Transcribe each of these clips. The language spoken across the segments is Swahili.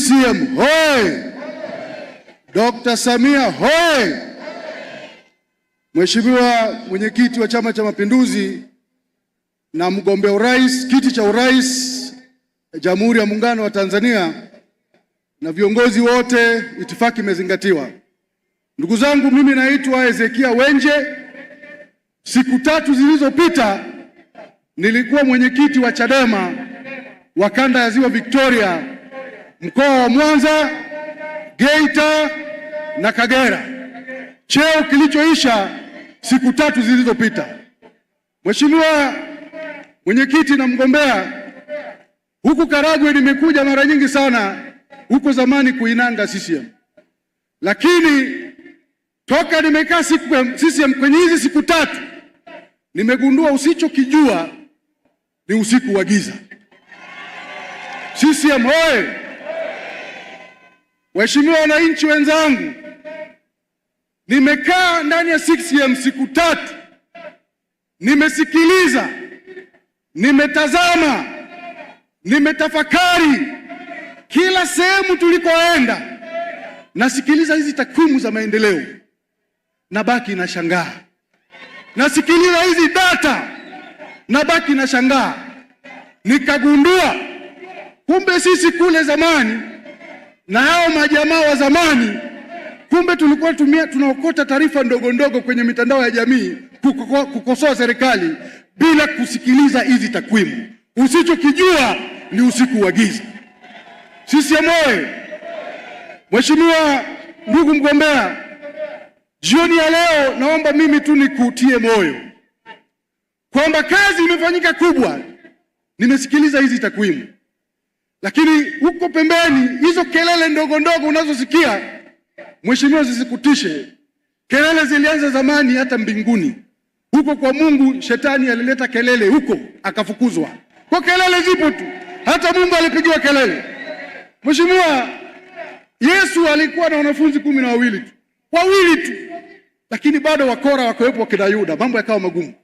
CCM hoi! Dr. Samia hoi! Mheshimiwa mwenyekiti wa Chama cha Mapinduzi na mgombea urais kiti cha urais Jamhuri ya Muungano wa Tanzania na viongozi wote, itifaki imezingatiwa. Ndugu zangu, mimi naitwa Hezekia Wenje. Siku tatu zilizopita nilikuwa mwenyekiti wa Chadema wa kanda ya Ziwa Victoria mkoa wa Mwanza, Geita na Kagera, cheo kilichoisha siku tatu zilizopita. Mheshimiwa mwenyekiti na mgombea, huku Karagwe nimekuja mara nyingi sana huko zamani kuinanga CCM, lakini toka nimekaa CCM kwenye hizi siku tatu nimegundua usichokijua ni usiku wa giza. CCM hoye! Waheshimiwa wananchi wenzangu, nimekaa ndani ya CCM siku tatu, nimesikiliza, nimetazama, nimetafakari kila sehemu tulikoenda, nasikiliza hizi takwimu za maendeleo, nabaki na shangaa, nasikiliza hizi data, nabaki na shangaa, nikagundua kumbe sisi kule zamani na hao majamaa wa zamani. Kumbe tulikuwa tumia tunaokota taarifa ndogo ndogo kwenye mitandao ya jamii kukosoa serikali bila kusikiliza hizi takwimu. Usichokijua ni usiku wa giza. CCM oyee! Mheshimiwa ndugu mgombea, jioni ya leo naomba mimi tu nikutie moyo kwamba kazi imefanyika kubwa. Nimesikiliza hizi takwimu lakini huko pembeni, hizo kelele ndogo ndogo unazosikia mheshimiwa, zisikutishe. Kelele zilianza zamani hata mbinguni huko kwa Mungu. Shetani alileta kelele huko akafukuzwa. Kwa kelele zipo tu, hata Mungu alipigiwa kelele. Mheshimiwa, Yesu alikuwa na wanafunzi kumi na wawili tu, wawili tu, lakini bado wakora wakawepo wakina Yuda, mambo yakawa magumu.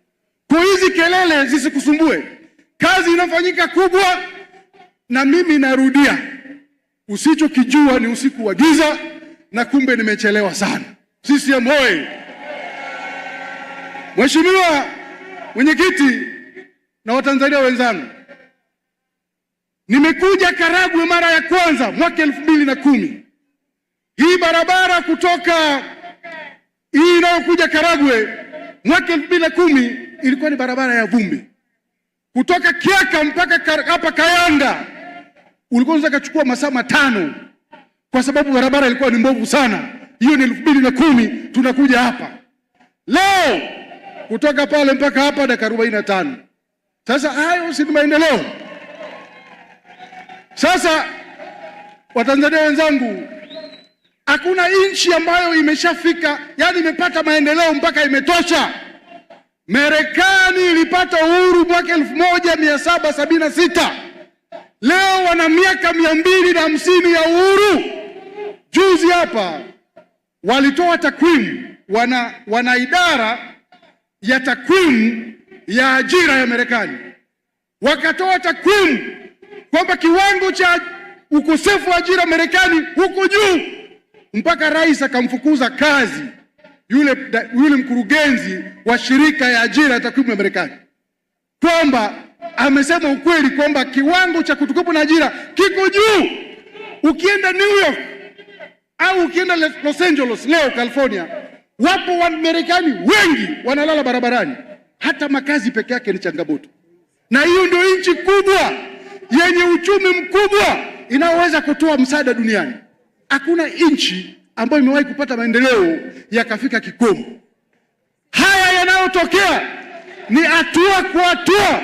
Kwa hizi kelele zisikusumbue, kazi inafanyika kubwa na mimi narudia, usichokijua ni usiku wa giza, na kumbe nimechelewa sana. CCM oyee! Mheshimiwa Mwenyekiti na Watanzania wenzangu, nimekuja Karagwe mara ya kwanza mwaka elfu mbili na kumi. Hii barabara kutoka hii inayokuja Karagwe mwaka elfu mbili na kumi ilikuwa ni barabara ya vumbi kutoka Kiaka mpaka hapa Kayanga ulikuwa unaweza masaa matano kwa sababu barabara ilikuwa ni mbovu sana. Hiyo ni elfu mbili na kumi. Tunakuja hapa leo kutoka pale mpaka hapa dakika arobaini na tano. Sasa hayo si ni maendeleo? Sasa Watanzania wenzangu, hakuna nchi ambayo imeshafika yani imepata maendeleo mpaka imetosha. Marekani ilipata uhuru mwaka elfu moja mia saba sabini na sita leo wana miaka mia mbili na hamsini ya uhuru. Juzi hapa walitoa takwimu, wana, wana idara ya takwimu ya ajira ya Marekani wakatoa takwimu kwamba kiwango cha ukosefu wa ajira Marekani huko juu mpaka rais akamfukuza kazi yule, yule mkurugenzi wa shirika ya ajira ya takwimu ya Marekani kwamba amesema ukweli kwamba kiwango cha kutokuwepo na ajira kiko juu. Ukienda New York au ukienda Los Angeles leo California, wapo Wamarekani wengi wanalala barabarani. Hata makazi peke yake ni changamoto, na hiyo ndio nchi kubwa yenye uchumi mkubwa inayoweza kutoa msaada duniani. Hakuna nchi ambayo imewahi kupata maendeleo yakafika kikomo. Haya yanayotokea ni hatua kwa hatua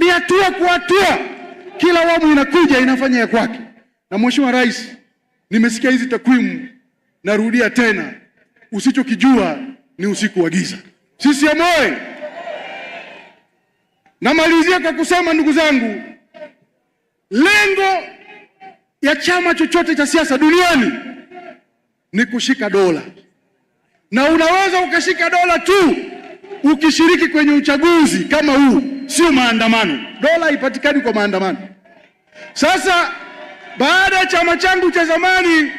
ni hatua kwa hatua, kila awamu inakuja inafanya ya kwake. Na Mheshimiwa Rais, nimesikia hizi takwimu, narudia tena, usichokijua ni usiku wa giza. Sisi oyee! Namalizia kwa kusema ndugu zangu, lengo ya chama chochote cha siasa duniani ni kushika dola, na unaweza ukashika dola tu ukishiriki kwenye uchaguzi kama huu sio maandamano. Dola haipatikani kwa maandamano. Sasa baada ya chama changu cha zamani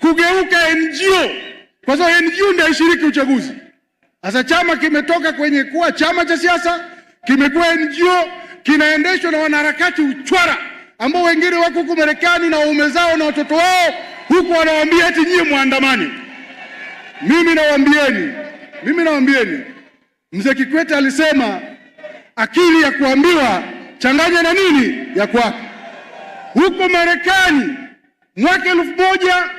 kugeuka NGO, kwa sababu NGO ndio haishiriki uchaguzi. Sasa chama kimetoka kwenye kuwa chama cha siasa kimekuwa NGO, kinaendeshwa na wanaharakati uchwara ambao wengine wako huko Marekani na waume zao na watoto wao huku wanawaambia eti nyie muandamani. Mimi nawaambieni, mimi nawaambieni, mzee Kikwete alisema akili ya kuambiwa changanya na nini ya kwako. Huko Marekani mwaka elfu moja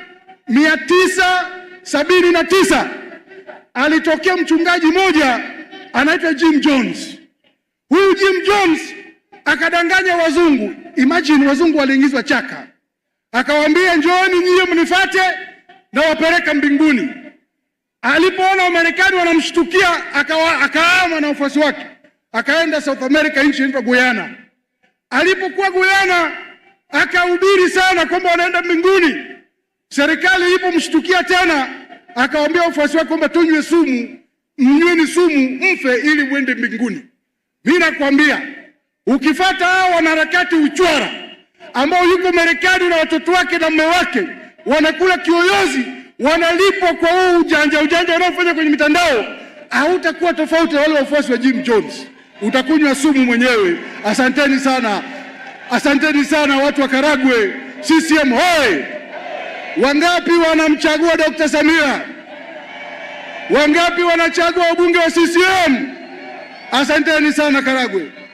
mia tisa sabini na tisa alitokea mchungaji mmoja anaitwa Jim Jones. Huyu Jim Jones akadanganya wazungu. Imagine, wazungu waliingizwa chaka, akawaambia njooni nyiye mnifate na wapeleka mbinguni. Alipoona Wamarekani wanamshtukia akaama na wafuasi wake akaenda South America, nchi inaitwa Guyana. Alipokuwa Guyana akahubiri sana kwamba wanaenda mbinguni. Serikali ilipomshtukia tena, akawaambia wafuasi wake kwamba tunywe sumu, mnyweni sumu mfe ili mwende mbinguni. Mimi nakwambia ukifata hao wanaharakati uchwara ambao yuko Marekani na watoto wake na mume wake wanakula kiyoyozi, wanalipwa kwa huu ujanja ujanja wanaofanya kwenye mitandao, hautakuwa tofauti na wale wafuasi wa Jim Jones utakunywa sumu mwenyewe. Asanteni sana, asanteni sana watu wa Karagwe. CCM hoye! Wangapi wanamchagua dokta Samia? Wangapi wanachagua ubunge wa CCM? Asanteni sana Karagwe.